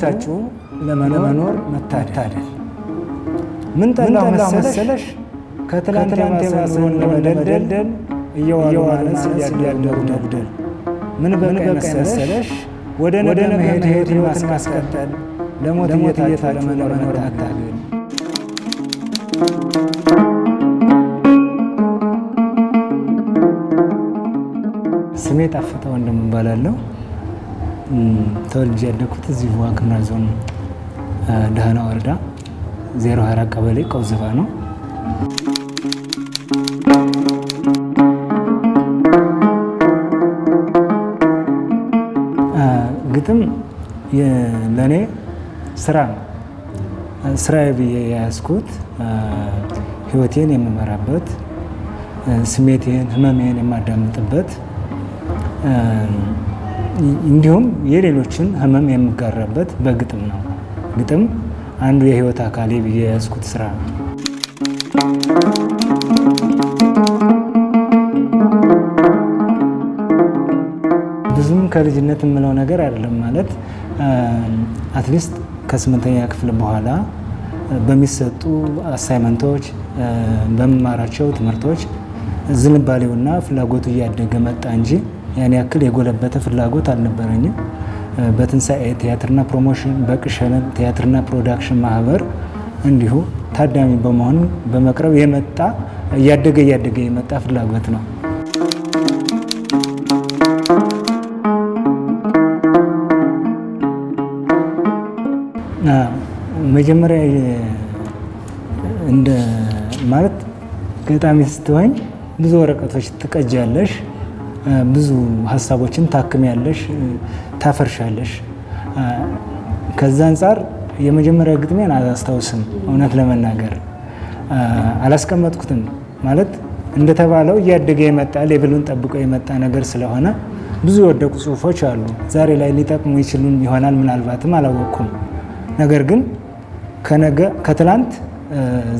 ተመችታችሁ ለመኖር መታደል ምን ጠላሁ መሰለሽ ከትላንት የባሰውን ለመደልደል እየዋሉ ማለት ያዳደሩ ምን በቃኝ መሰለሽ ወደ ነገ መሄድ ሄድ ማስቀጠል ለሞት እየታችሁ ለመኖር መታደል ስሜ ጣፈጠ ወንድሙ እባላለሁ። ተወልጄ ያደኩት እዚሁ ዋግኽምራ ዞን ደህና ወረዳ 04 ቀበሌ ቀውዝፋ ነው። ግጥም ለእኔ ስራ ነው። ስራዬ ብዬ የያዝኩት ህይወቴን የምመራበት ስሜቴን፣ ህመሜን የማዳምጥበት እንዲሁም የሌሎችን ህመም የምጋራበት በግጥም ነው። ግጥም አንዱ የህይወት አካሌ ብዬ የያዝኩት ስራ ነው። ብዙም ከልጅነት የምለው ነገር አይደለም ማለት አትሊስት ከስምንተኛ ክፍል በኋላ በሚሰጡ አሳይመንቶች በመማራቸው ትምህርቶች ዝንባሌውና ፍላጎቱ እያደገ መጣ እንጂ ያን ያክል የጎለበተ ፍላጎት አልነበረኝም። በትንሳኤ ቲያትርና ፕሮሞሽን፣ በቅሸለን ቲያትርና ፕሮዳክሽን ማህበር እንዲሁ ታዳሚ በመሆን በመቅረብ የመጣ እያደገ እያደገ የመጣ ፍላጎት ነው። መጀመሪያ እንደ ማለት ገጣሚ ስትሆኝ ብዙ ወረቀቶች ትቀጃለሽ። ብዙ ሀሳቦችን ታክሚያለሽ፣ ታፈርሻለሽ። ከዛ አንጻር የመጀመሪያ ግጥሜን አላስታውስም። እውነት ለመናገር አላስቀመጥኩትም። ማለት እንደተባለው እያደገ የመጣ ሌቭሉን ጠብቆ የመጣ ነገር ስለሆነ ብዙ የወደቁ ጽሁፎች አሉ። ዛሬ ላይ ሊጠቅሙ ይችሉን ይሆናል ምናልባትም አላወቅኩም። ነገር ግን ከነገ ከትላንት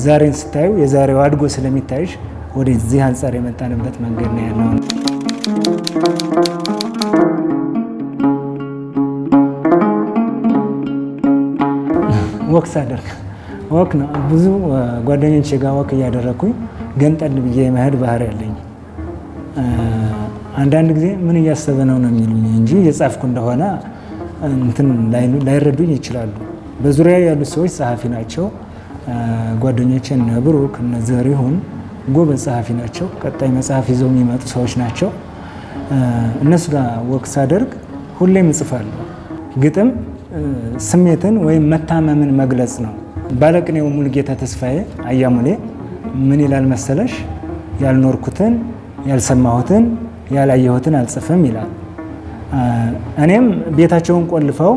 ዛሬን ስታዩ የዛሬው አድጎ ስለሚታይሽ ወደዚህ አንጻር የመጣንበት መንገድ ነው ያለው። ወክ ሳደርግ ወክ ነው ብዙ ጓደኞች ጋ ወክ እያደረግኩኝ ገንጠል ብዬ መሄድ ባህር ያለኝ። አንዳንድ ጊዜ ምን እያሰበ ነው ነው የሚሉኝ እንጂ የጻፍኩ እንደሆነ እንትን ላይረዱኝ ይችላሉ። በዙሪያ ያሉ ሰዎች ጸሐፊ ናቸው። ጓደኞቼ እነ ብሩክ እነ ዘሪሁን ጎበዝ ጸሐፊ ናቸው። ቀጣይ መጽሐፍ ይዘው የሚመጡ ሰዎች ናቸው። እነሱ ጋር ወክ ሳደርግ ሁሌም እጽፋለሁ ግጥም ስሜትን ወይም መታመምን መግለጽ ነው። ባለቅኔው ሙሉጌታ ተስፋዬ አያሙሌ ምን ይላል መሰለሽ? ያልኖርኩትን ያልሰማሁትን ያላየሁትን አልጽፍም ይላል። እኔም ቤታቸውን ቆልፈው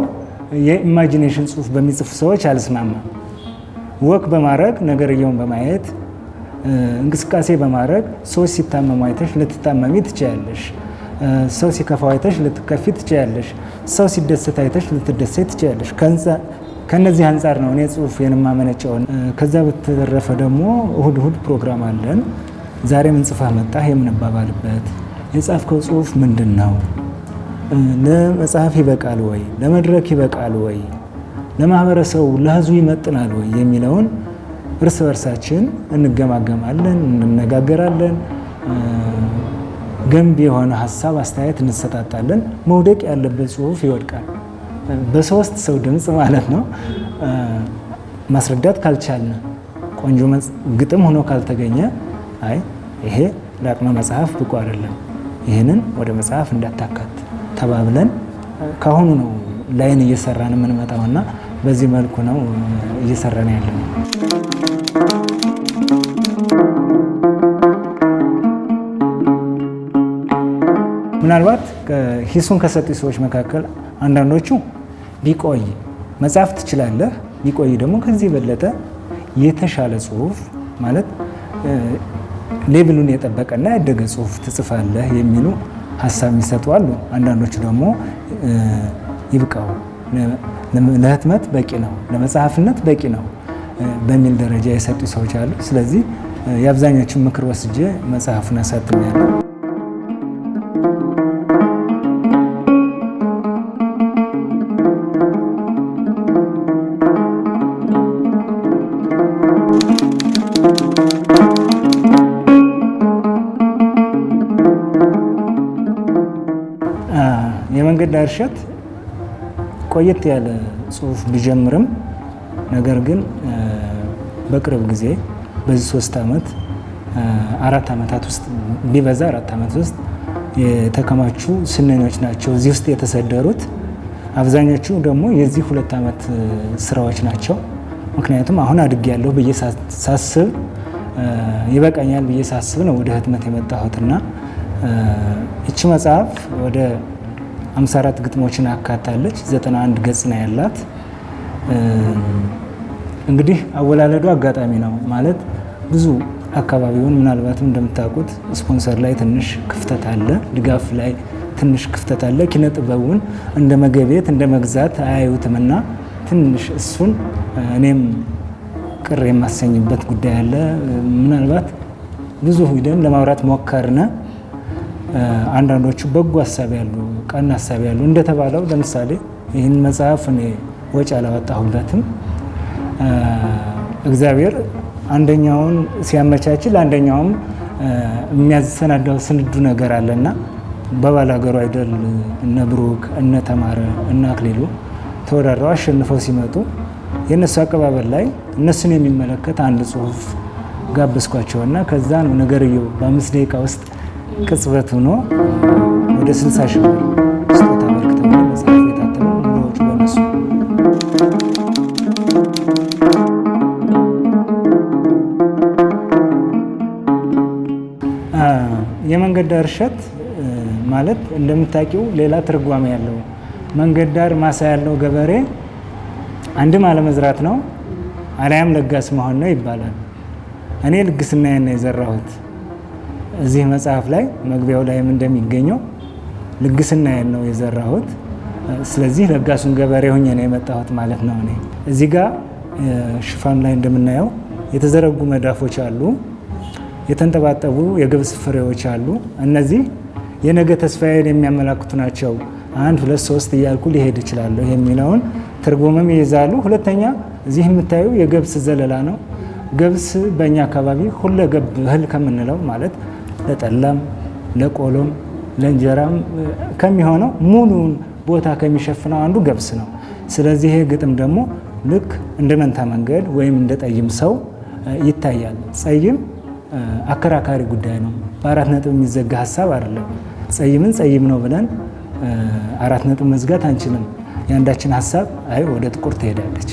የኢማጂኔሽን ጽሑፍ በሚጽፉ ሰዎች አልስማማም። ወክ በማድረግ ነገርየውን በማየት እንቅስቃሴ በማድረግ ሰዎች ሲታመሙ አይተሽ ልትታመሚ ትችያለሽ። ሰው ሲከፋው አይተሽ ልትከፊ ትችያለሽ። ሰው ሲደሰት አይተሽ ልትደሰት ትችያለሽ። ከነዚህ አንጻር ነው እኔ ጽሁፌን የማመነጨው። ከዛ በተረፈ ደግሞ እሁድ እሁድ ፕሮግራም አለን። ዛሬ ምን ጽፈህ መጣህ የምንባባልበት፣ የጻፍከው ጽሁፍ ምንድን ነው፣ ለመጽሐፍ ይበቃል ወይ፣ ለመድረክ ይበቃል ወይ፣ ለማህበረሰቡ ለህዝቡ ይመጥናል ወይ የሚለውን እርስ በርሳችን እንገማገማለን፣ እንነጋገራለን። ገንቢ የሆነ ሀሳብ፣ አስተያየት እንሰጣጣለን። መውደቅ ያለበት ጽሁፍ ይወድቃል። በሶስት ሰው ድምፅ ማለት ነው። ማስረዳት ካልቻልን ቆንጆ ግጥም ሆኖ ካልተገኘ አይ ይሄ ለአቅመ መጽሐፍ ብቁ አይደለም፣ ይህንን ወደ መጽሐፍ እንዳታካት ተባብለን ከአሁኑ ነው ላይን እየሰራን የምንመጣውና በዚህ መልኩ ነው እየሰራን ያለ ነው። ምናልባት ሂሱን ከሰጡ ሰዎች መካከል አንዳንዶቹ ቢቆይ መጽሐፍ ትችላለህ፣ ቢቆይ ደግሞ ከዚህ የበለጠ የተሻለ ጽሁፍ ማለት ሌብሉን የጠበቀና ያደገ ጽሁፍ ትጽፋለህ የሚሉ ሀሳብ የሚሰጡ አሉ። አንዳንዶቹ ደግሞ ይብቃው፣ ለህትመት በቂ ነው፣ ለመጽሐፍነት በቂ ነው በሚል ደረጃ የሰጡ ሰዎች አሉ። ስለዚህ የአብዛኞቹን ምክር ወስጄ መጽሐፉን አሳትሜያለሁ። በመሸት ቆየት ያለ ጽሁፍ ቢጀምርም ነገር ግን በቅርብ ጊዜ በዚህ ሶስት ዓመት አራት ዓመታት ውስጥ ቢበዛ አራት ዓመት ውስጥ የተከማቹ ስንኞች ናቸው እዚህ ውስጥ የተሰደሩት። አብዛኞቹ ደግሞ የዚህ ሁለት ዓመት ስራዎች ናቸው። ምክንያቱም አሁን አድጌያለሁ ብዬ ሳስብ ይበቃኛል ብዬ ሳስብ ነው ወደ ህትመት የመጣሁትና ይቺ መጽሐፍ ወደ 54 ግጥሞችን አካታለች። 91 ገጽ ነው ያላት። እንግዲህ አወላለዱ አጋጣሚ ነው ማለት ብዙ አካባቢውን ምናልባትም እንደምታውቁት ስፖንሰር ላይ ትንሽ ክፍተት አለ፣ ድጋፍ ላይ ትንሽ ክፍተት አለ። ኪነ ጥበቡን እንደ መገቤት እንደ መግዛት አያዩትም እና ትንሽ እሱን እኔም ቅር የማሰኝበት ጉዳይ አለ። ምናልባት ብዙ ሂደን ለማውራት ሞከርነ አንዳንዶቹ በጎ ሀሳብ ያሉ ቀና ሀሳብ ያሉ እንደተባለው ለምሳሌ ይህን መጽሐፍ እኔ ወጪ አላወጣሁበትም። እግዚአብሔር አንደኛውን ሲያመቻችል አንደኛውም የሚያሰናዳው ስንዱ ነገር አለና ሀገሩ አይደል እነ ብሩክ እነ ተማረ እነ አክሊሉ ተወዳድረው አሸንፈው ሲመጡ የእነሱ አቀባበል ላይ እነሱን የሚመለከት አንድ ጽሁፍ ጋበዝኳቸውና ከዛ ነው ነገርየው በአምስት ደቂቃ ውስጥ ቅጽበት ሆኖ ወደ 60 ሺህ ብር ስጦታ አበርክተው መጽሐፍ የታተመ ኖቹ በነሱ የመንገድ ዳር እሸት ማለት እንደምታውቂው ሌላ ትርጓሜ ያለው መንገድ ዳር ማሳ ያለው ገበሬ አንድም አለመዝራት ነው አልያም ለጋስ መሆን ነው ይባላል። እኔ ልግስና ነው የዘራሁት። እዚህ መጽሐፍ ላይ መግቢያው ላይም እንደሚገኘው ልግስናዬን ነው የዘራሁት። ስለዚህ ለጋሱን ገበሬ ሆኜ ነው የመጣሁት ማለት ነው። እኔ እዚህ ጋር ሽፋን ላይ እንደምናየው የተዘረጉ መዳፎች አሉ፣ የተንጠባጠቡ የገብስ ፍሬዎች አሉ። እነዚህ የነገ ተስፋዬን የሚያመላክቱ ናቸው። አንድ ሁለት ሶስት እያልኩ ሊሄድ እችላለሁ የሚለውን ትርጉምም ይይዛሉ። ሁለተኛ እዚህ የምታዩ የገብስ ዘለላ ነው። ገብስ በእኛ አካባቢ ሁለገብ እህል ከምንለው ማለት ለጠላም ለቆሎም ለእንጀራም ከሚሆነው ሙሉውን ቦታ ከሚሸፍነው አንዱ ገብስ ነው። ስለዚህ ይሄ ግጥም ደግሞ ልክ እንደ መንታ መንገድ ወይም እንደ ጠይም ሰው ይታያል። ጸይም አከራካሪ ጉዳይ ነው። በአራት ነጥብ የሚዘጋ ሀሳብ አይደለም። ጸይምን ጸይም ነው ብለን አራት ነጥብ መዝጋት አንችልም። የአንዳችን ሀሳብ አይ ወደ ጥቁር ትሄዳለች፣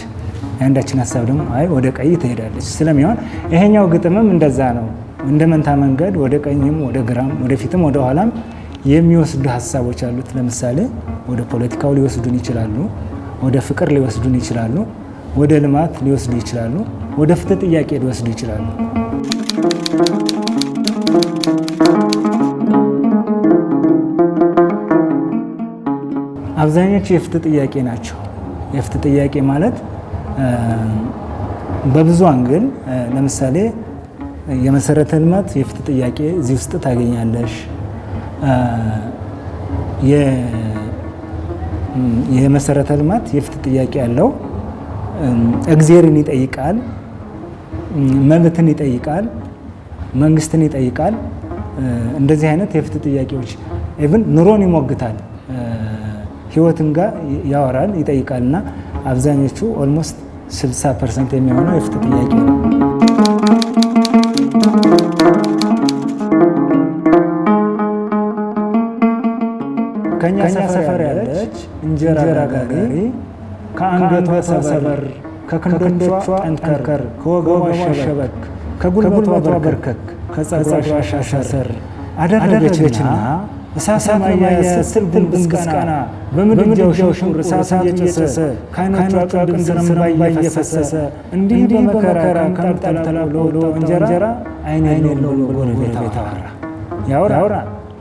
የአንዳችን ሀሳብ ደግሞ አይ ወደ ቀይ ትሄዳለች ስለሚሆን ይሄኛው ግጥምም እንደዛ ነው። እንደ መንታ መንገድ ወደ ቀኝም ወደ ግራም ወደፊትም ወደ ኋላም የሚወስዱ ሀሳቦች አሉት። ለምሳሌ ወደ ፖለቲካው ሊወስዱን ይችላሉ፣ ወደ ፍቅር ሊወስዱን ይችላሉ፣ ወደ ልማት ሊወስዱ ይችላሉ፣ ወደ ፍትህ ጥያቄ ሊወስዱ ይችላሉ። አብዛኞቹ የፍትህ ጥያቄ ናቸው። የፍትህ ጥያቄ ማለት በብዙ አንግል ለምሳሌ የመሰረተ ልማት የፍትህ ጥያቄ እዚህ ውስጥ ታገኛለሽ። የመሰረተ ልማት የፍትህ ጥያቄ ያለው እግዜርን ይጠይቃል፣ መብትን ይጠይቃል፣ መንግስትን ይጠይቃል። እንደዚህ አይነት የፍትህ ጥያቄዎች ኢቭን ኑሮን ይሞግታል፣ ህይወትን ጋር ያወራል፣ ይጠይቃል እና አብዛኞቹ ኦልሞስት 60 ፐርሰንት የሚሆነው የፍትህ ጥያቄ ነው። እንጀራ ጋጋሪ ከአንገቷ ሰበር ከክንዶቿ ጠንከር ከወገቧ ሸበክ ከጉልበቷ በርከክ ከጸጉሯ ሻሸር አደረገችና እሳሳት በማያያዝ ስትል በምድጃው ሽውር እሳሳት እየጨሰሰ ከዓይኖቿ ቅድም ዝንባ እየፈሰሰ እንዲህ በመከራ ከምጠላ ብሎ እንጀራ ዓይን የለውም ጎረቤት አወራ ያወራ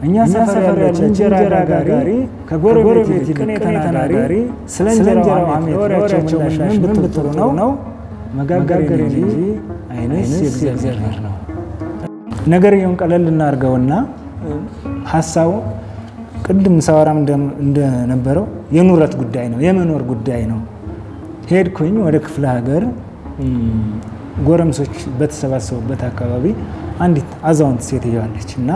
እኛ ሰፈር ያለ እንጀራ ጋጋሪ ከጎረቤት ይልቅ ቅኔ ተናጋሪ፣ ስለ እንጀራው ሐሜት ወሬያቸው ምላሽ ምን ብትሉ ነው? መጋገር እንጂ ዓይንስ የእግዚአብሔር ነው። ነገርየውን ቀለል እናድርገውና ሀሳቡ ቅድም ሳወራም እንደነበረው የኑረት ጉዳይ ነው፣ የመኖር ጉዳይ ነው። ሄድኩኝ ወደ ክፍለ ሀገር ጎረምሶች በተሰባሰቡበት አካባቢ አንዲት አዛውንት ሴትዮ አለች እና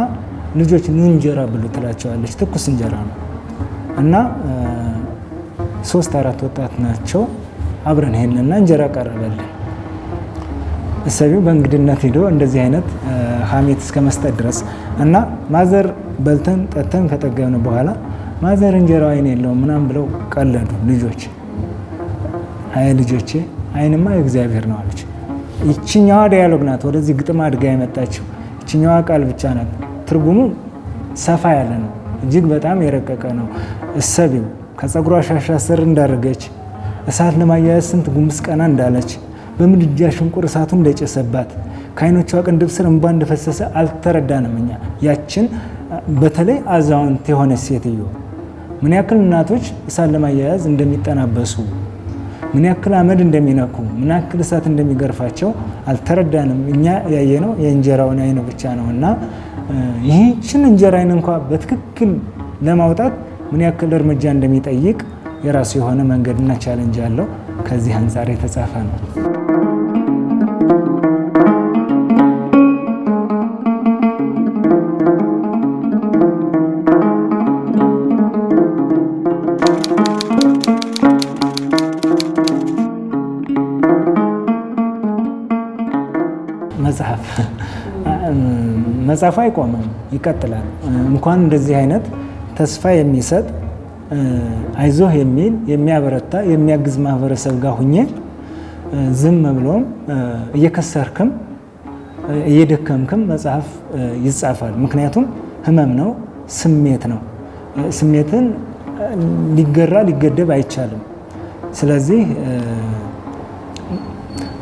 ልጆች ኑ እንጀራ ብሎ ትላቸዋለች። ትኩስ እንጀራ ነው እና ሶስት አራት ወጣት ናቸው። አብረን ሄድንና እንጀራ ቀረበልን። እሰቢው በእንግድነት ሄዶ እንደዚህ አይነት ሀሜት እስከ መስጠት ድረስ እና ማዘር በልተን ጠጥተን ከጠገብን በኋላ ማዘር እንጀራ አይን የለው ምናም ብለው ቀለዱ ልጆች። አይ ልጆቼ አይንማ የእግዚአብሔር ነው አለች። ይችኛዋ ዲያሎግ ናት፣ ወደዚህ ግጥም አድጋ የመጣችው ይችኛዋ ቃል ብቻ ናት። ትርጉሙ ሰፋ ያለ ነው። እጅግ በጣም የረቀቀ ነው። እሰቢው ከፀጉሯ ሻሻ ስር እንዳደረገች እሳት ለማያያዝ ስንት ጉምስ ቀና እንዳለች በምድጃ ሽንቁር እሳቱ እንደጨሰባት ከአይኖቿ ቅንድብ ስር እንባ እንደፈሰሰ አልተረዳንም እኛ። ያችን በተለይ አዛውንት የሆነች ሴትዮ ምን ያክል እናቶች እሳት ለማያያዝ እንደሚጠናበሱ ምን ያክል አመድ እንደሚነኩ ምን ያክል እሳት እንደሚገርፋቸው አልተረዳንም። እኛ ያየነው የእንጀራውን አይን ብቻ ነው እና ይህችን እንጀራ አይን እንኳ በትክክል ለማውጣት ምን ያክል እርምጃ እንደሚጠይቅ የራሱ የሆነ መንገድና ቻለንጅ አለው። ከዚህ አንጻር የተጻፈ ነው። መጽሐፉ አይቆምም፣ ይቀጥላል። እንኳን እንደዚህ አይነት ተስፋ የሚሰጥ አይዞህ የሚል የሚያበረታ የሚያግዝ ማህበረሰብ ጋር ሁኜ ዝም ብሎም እየከሰርክም እየደከምክም መጽሐፍ ይጻፋል። ምክንያቱም ህመም ነው፣ ስሜት ነው። ስሜትን ሊገራ ሊገደብ አይቻልም። ስለዚህ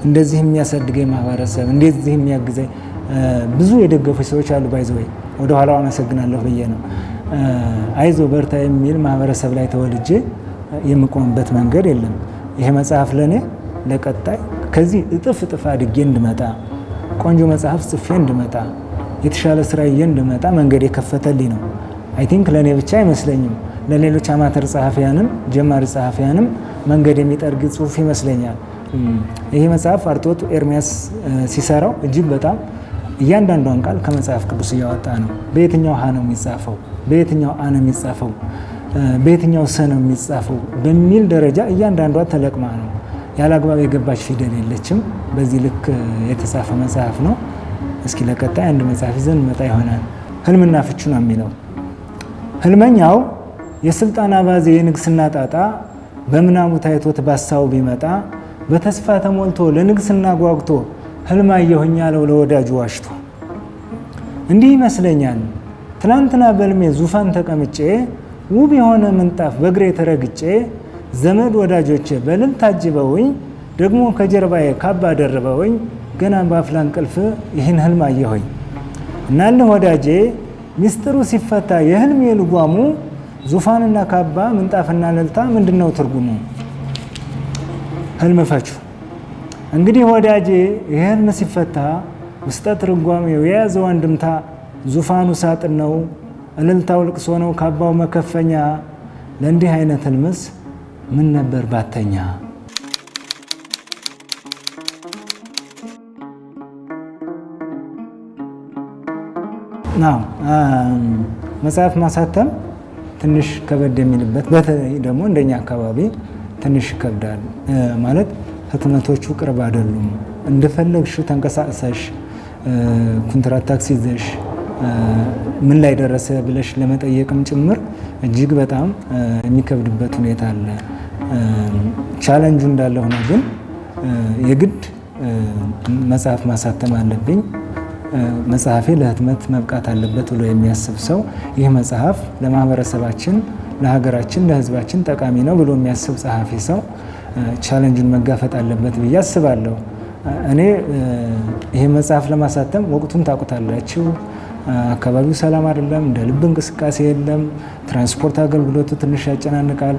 እንደዚህ የሚያሳድገኝ ማህበረሰብ እንደዚህ የሚያግዘኝ ብዙ የደገፉ ሰዎች አሉ። ባይዘወይ ወደኋላው አመሰግናለሁ ብዬ ነው። አይዞ በርታ የሚል ማህበረሰብ ላይ ተወልጄ የምቆምበት መንገድ የለም። ይሄ መጽሐፍ ለእኔ ለቀጣይ ከዚህ እጥፍ እጥፍ አድጌ እንድመጣ ቆንጆ መጽሐፍ ጽፌ እንድመጣ የተሻለ ስራ ዬ እንድመጣ መንገድ የከፈተልኝ ነው። አይ ቲንክ ለእኔ ብቻ አይመስለኝም ለሌሎች አማተር ጸሐፊያንም ጀማሪ ጸሐፊያንም መንገድ የሚጠርግ ጽሁፍ ይመስለኛል። ይሄ መጽሐፍ አርቶት ኤርሚያስ ሲሰራው እጅግ በጣም እያንዳንዷን ቃል ከመጽሐፍ ቅዱስ እያወጣ ነው። በየትኛው ሀ ነው የሚጻፈው፣ በየትኛው አ ነው የሚጻፈው፣ በየትኛው ሰ ነው የሚጻፈው በሚል ደረጃ እያንዳንዷ ተለቅማ ነው። ያለ አግባብ የገባች ፊደል የለችም። በዚህ ልክ የተጻፈ መጽሐፍ ነው። እስኪ ለቀጣይ አንድ መጽሐፍ ይዘን መጣ ይሆናል። ህልምና ፍቹ ነው የሚለው ህልመኛው የስልጣን አባዜ የንግስና ጣጣ በምናሙ ታይቶት ባሳው ቢመጣ በተስፋ ተሞልቶ ለንግስና ጓጉቶ ህልም አየሁኝ አለው ለወዳጁ ዋሽቶ። እንዲህ ይመስለኛል ትናንትና በልሜ ዙፋን ተቀምጬ ውብ የሆነ ምንጣፍ በእግሬ ተረግጬ ዘመድ ወዳጆቼ በልም ታጅበውኝ ደግሞ ከጀርባዬ ካባ ደርበውኝ ገና በአፍላ እንቅልፍ ይህን ህልም አየሁኝ። እናልህ ወዳጄ ሚስጥሩ ሲፈታ የህልም የልጓሙ ዙፋንና ካባ ምንጣፍና ልልታ ምንድን ነው ትርጉሙ? ህልም ፈቹ እንግዲህ ወዳጄ ይህን ሲፈታ ውስጠ ትርጓሜው የያዘው አንድምታ ዙፋኑ ሳጥን ነው፣ እልልታው ልቅሶ ነው፣ ካባው መከፈኛ። ለእንዲህ አይነት ህልምስ ምን ነበር ባተኛ? መጽሐፍ ማሳተም ትንሽ ከበድ የሚልበት በተለይ ደግሞ እንደኛ አካባቢ ትንሽ ይከብዳል ማለት ህትመቶቹ ቅርብ አይደሉም። እንደፈለግሽው ተንቀሳቅሰሽ ኮንትራት ታክሲ ይዘሽ ምን ላይ ደረሰ ብለሽ ለመጠየቅም ጭምር እጅግ በጣም የሚከብድበት ሁኔታ አለ። ቻለንጁ እንዳለ ሆኖ ግን የግድ መጽሐፍ ማሳተም አለብኝ፣ መጽሐፌ ለህትመት መብቃት አለበት ብሎ የሚያስብ ሰው ይህ መጽሐፍ ለማህበረሰባችን፣ ለሀገራችን፣ ለህዝባችን ጠቃሚ ነው ብሎ የሚያስብ ጸሐፊ ሰው ቻለንጅን መጋፈጥ አለበት ብዬ አስባለሁ። እኔ ይሄ መጽሐፍ ለማሳተም ወቅቱን ታውቁታላችሁ። አካባቢው ሰላም አይደለም፣ እንደ ልብ እንቅስቃሴ የለም፣ ትራንስፖርት አገልግሎቱ ትንሽ ያጨናንቃል።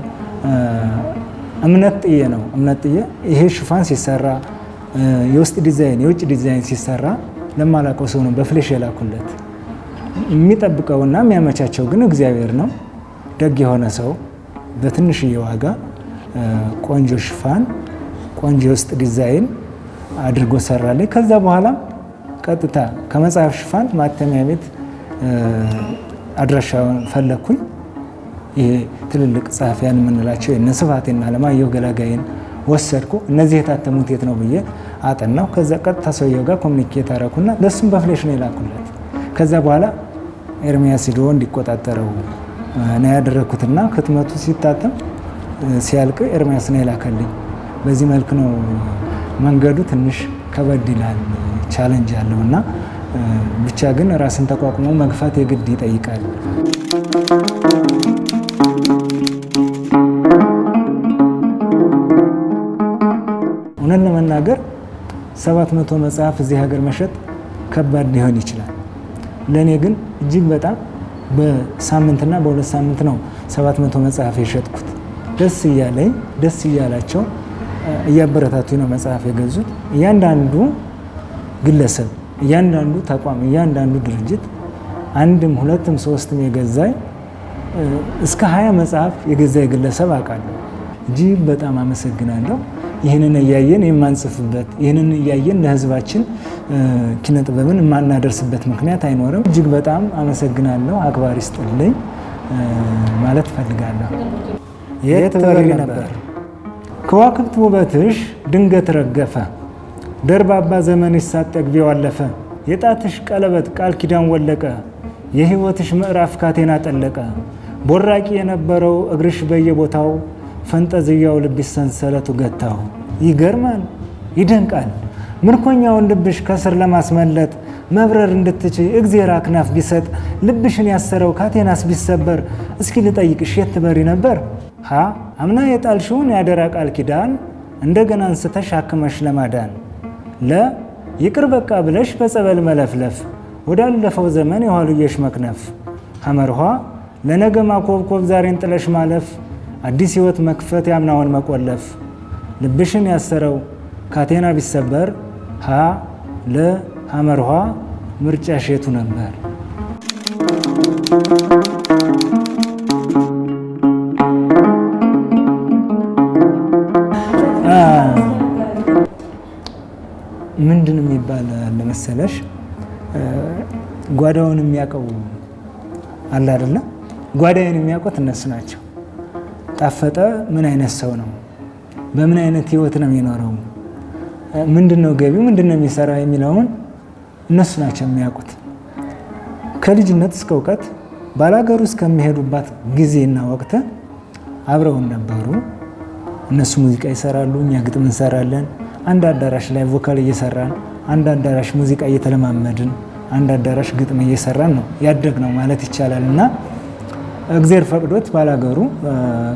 እምነት ጥዬ ነው እምነት ጥዬ ይሄ ሽፋን ሲሰራ የውስጥ ዲዛይን የውጭ ዲዛይን ሲሰራ ለማላውቀው ሰው ነው በፍሌሽ የላኩለት። የሚጠብቀውና የሚያመቻቸው ግን እግዚአብሔር ነው። ደግ የሆነ ሰው በትንሽዬ ዋጋ ቆንጆ ሽፋን፣ ቆንጆ የውስጥ ዲዛይን አድርጎ ሰራለኝ። ከዛ በኋላ ቀጥታ ከመጽሐፍ ሽፋን ማተሚያ ቤት አድራሻውን ፈለግኩኝ። ይሄ ትልልቅ ጸሐፊያን የምንላቸው የነ ስብሐቴን አለማየሁ ገላጋይን ወሰድኩ። እነዚህ የታተሙት የት ነው ብዬ አጠናው። ከዛ ቀጥታ ሰውየው ጋር ኮሚኒኬት አረኩና ለሱም በፍሌሽ ነው የላኩለት። ከዛ በኋላ ኤርሚያስ ሂዶ እንዲቆጣጠረው ነው ያደረግኩትና ክትመቱ ሲታተም ሲያልቅ ኤርሚያስን የላከልኝ። በዚህ መልክ ነው መንገዱ ትንሽ ከበድ ይላል፣ ቻለንጅ ያለው እና ብቻ ግን ራስን ተቋቁሞ መግፋት የግድ ይጠይቃል። እውነት ለመናገር ሰባት መቶ መጽሐፍ እዚህ ሀገር መሸጥ ከባድ ሊሆን ይችላል። ለእኔ ግን እጅግ በጣም በሳምንትና በሁለት ሳምንት ነው ሰባት መቶ መጽሐፍ የሸጥኩት። ደስ እያለኝ ደስ እያላቸው እያበረታቱ ነው መጽሐፍ የገዙት። እያንዳንዱ ግለሰብ፣ እያንዳንዱ ተቋም፣ እያንዳንዱ ድርጅት አንድም ሁለትም ሶስትም የገዛኝ እስከ ሀያ መጽሐፍ የገዛ የግለሰብ አውቃለሁ። እጅግ በጣም አመሰግናለሁ። ይህንን እያየን የማንጽፍበት ይህንን እያየን ለህዝባችን ኪነ ጥበብን የማናደርስበት ምክንያት አይኖርም። እጅግ በጣም አመሰግናለሁ። አክባሪ ስጥልኝ ማለት እፈልጋለሁ። የት ነበር? ከዋክብት ውበትሽ ድንገት ረገፈ፣ ደርባባ ዘመን ሳጠግቤው አለፈ። የጣትሽ ቀለበት ቃል ኪዳን ወለቀ፣ የህይወትሽ ምዕራፍ ካቴና ጠለቀ። ቦራቂ የነበረው እግርሽ በየቦታው ፈንጠዝያው ልብሽ ሰንሰለቱ ገታው። ይገርማል፣ ይደንቃል ምርኮኛውን ልብሽ ከስር ለማስመለጥ መብረር እንድትችይ እግዜር አክናፍ ቢሰጥ ልብሽን ያሰረው ካቴናስ ቢሰበር እስኪ ልጠይቅሽ የት በሪ ነበር? ሀ አምና የጣልሽውን የአደራ ቃል ኪዳን እንደገና አንስተሽ አክመሽ ለማዳን ለ ይቅር በቃ ብለሽ በጸበል መለፍለፍ ወዳለፈው ዘመን የኋልዮሽ መክነፍ ሐመርኋ ለነገ ማኮብኮብ ዛሬን ጥለሽ ማለፍ አዲስ ሕይወት መክፈት ያምናውን መቆለፍ ልብሽን ያሰረው ካቴና ቢሰበር ሀ ለ ሐመርኋ ምርጫ ሼቱ ነበር? ምንድን የሚባል ለመሰለሽ ጓዳውን የሚያውቀው አለ አይደለም። ጓዳውን የሚያውቁት እነሱ ናቸው። ጣፈጠ ምን አይነት ሰው ነው? በምን አይነት ህይወት ነው የሚኖረው? ምንድን ነው ገቢው? ምንድን ነው የሚሰራው? የሚለውን እነሱ ናቸው የሚያውቁት። ከልጅነት እስከ እውቀት ባላገሩ እስከሚሄዱባት ጊዜና ወቅት አብረውን ነበሩ። እነሱ ሙዚቃ ይሰራሉ፣ እኛ ግጥም እንሰራለን። አንድ አዳራሽ ላይ ቮካል እየሰራን፣ አንድ አዳራሽ ሙዚቃ እየተለማመድን፣ አንድ አዳራሽ ግጥም እየሰራን ነው ያደግ ነው ማለት ይቻላል እና እግዜር ፈቅዶት ባላገሩ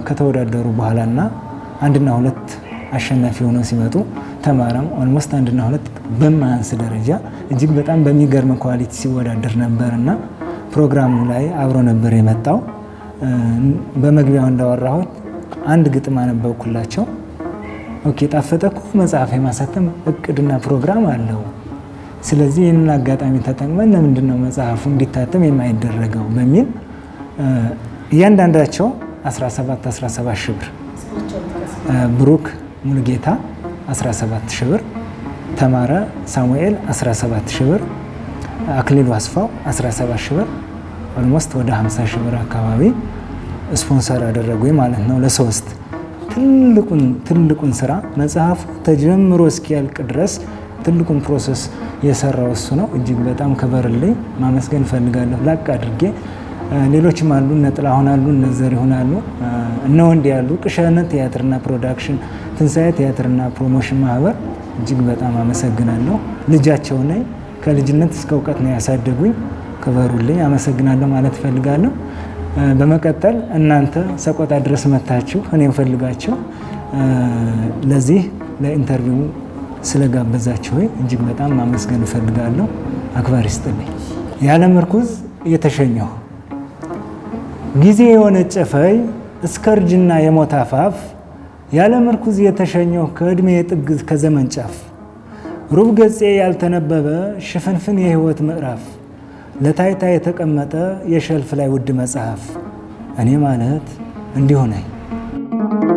ከተወዳደሩ በኋላና አንድና ሁለት አሸናፊ ሆነው ሲመጡ ተማረም ኦልሞስት አንድና ሁለት በማያንስ ደረጃ እጅግ በጣም በሚገርም ኳሊቲ ሲወዳደር ነበር እና ፕሮግራሙ ላይ አብሮ ነበር የመጣው። በመግቢያው እንዳወራሁት አንድ ግጥም አነበብኩላቸው። ኦኬ ጣፈጠ እኮ መጽሐፍ የማሳተም እቅድና ፕሮግራም አለው። ስለዚህ ይህንን አጋጣሚ ተጠቅመን ለምንድን ነው መጽሐፉ እንዲታተም የማይደረገው በሚል እያንዳንዳቸው 17 17 ሺህ ብር፣ ብሩክ ሙሉጌታ 17 ሺህ ብር፣ ተማረ ሳሙኤል 17 ሺህ ብር፣ አክሊሉ አስፋው 17 ሺህ ብር፣ ኦልሞስት ወደ 50 ሺህ ብር አካባቢ ስፖንሰር አደረጉኝ ማለት ነው ለሶስት ትልቁን ትልቁን ስራ መጽሐፉ ተጀምሮ እስኪያልቅ ድረስ ትልቁን ፕሮሰስ የሰራው እሱ ነው። እጅግ በጣም ከበርልኝ ማመስገን እፈልጋለሁ ላቅ አድርጌ። ሌሎችም አሉ፣ እነ ጥላሁን አሉ፣ እነ እነ ወንድ ያሉ፣ ቅሸነ ቲያትርና ፕሮዳክሽን፣ ትንሣኤ ቲያትርና ፕሮሞሽን ማህበር እጅግ በጣም አመሰግናለሁ። ልጃቸው ነኝ። ከልጅነት እስከ እውቀት ነው ያሳደጉኝ። ክበሩልኝ፣ አመሰግናለሁ ማለት እፈልጋለሁ። በመቀጠል እናንተ ሰቆጣ ድረስ መታችሁ እኔም ፈልጋችሁ ለዚህ ለኢንተርቪው ስለጋበዛችሁ እጅግ በጣም ማመስገን እፈልጋለሁ። አክባሪ ስጥልኝ። ያለ ምርኩዝ የተሸኘሁ ጊዜ ጨፈይ እስከ እርጅና የሞት አፋፍ ያለ ምርኩዝ የተሸኘሁ ከዕድሜ የጥግ ከዘመን ጫፍ ሩብ ገፄ ያልተነበበ ሽፍንፍን የህይወት ምዕራፍ ለታይታ የተቀመጠ የሸልፍ ላይ ውድ መጽሐፍ እኔ ማለት እንዲሁ ነኝ።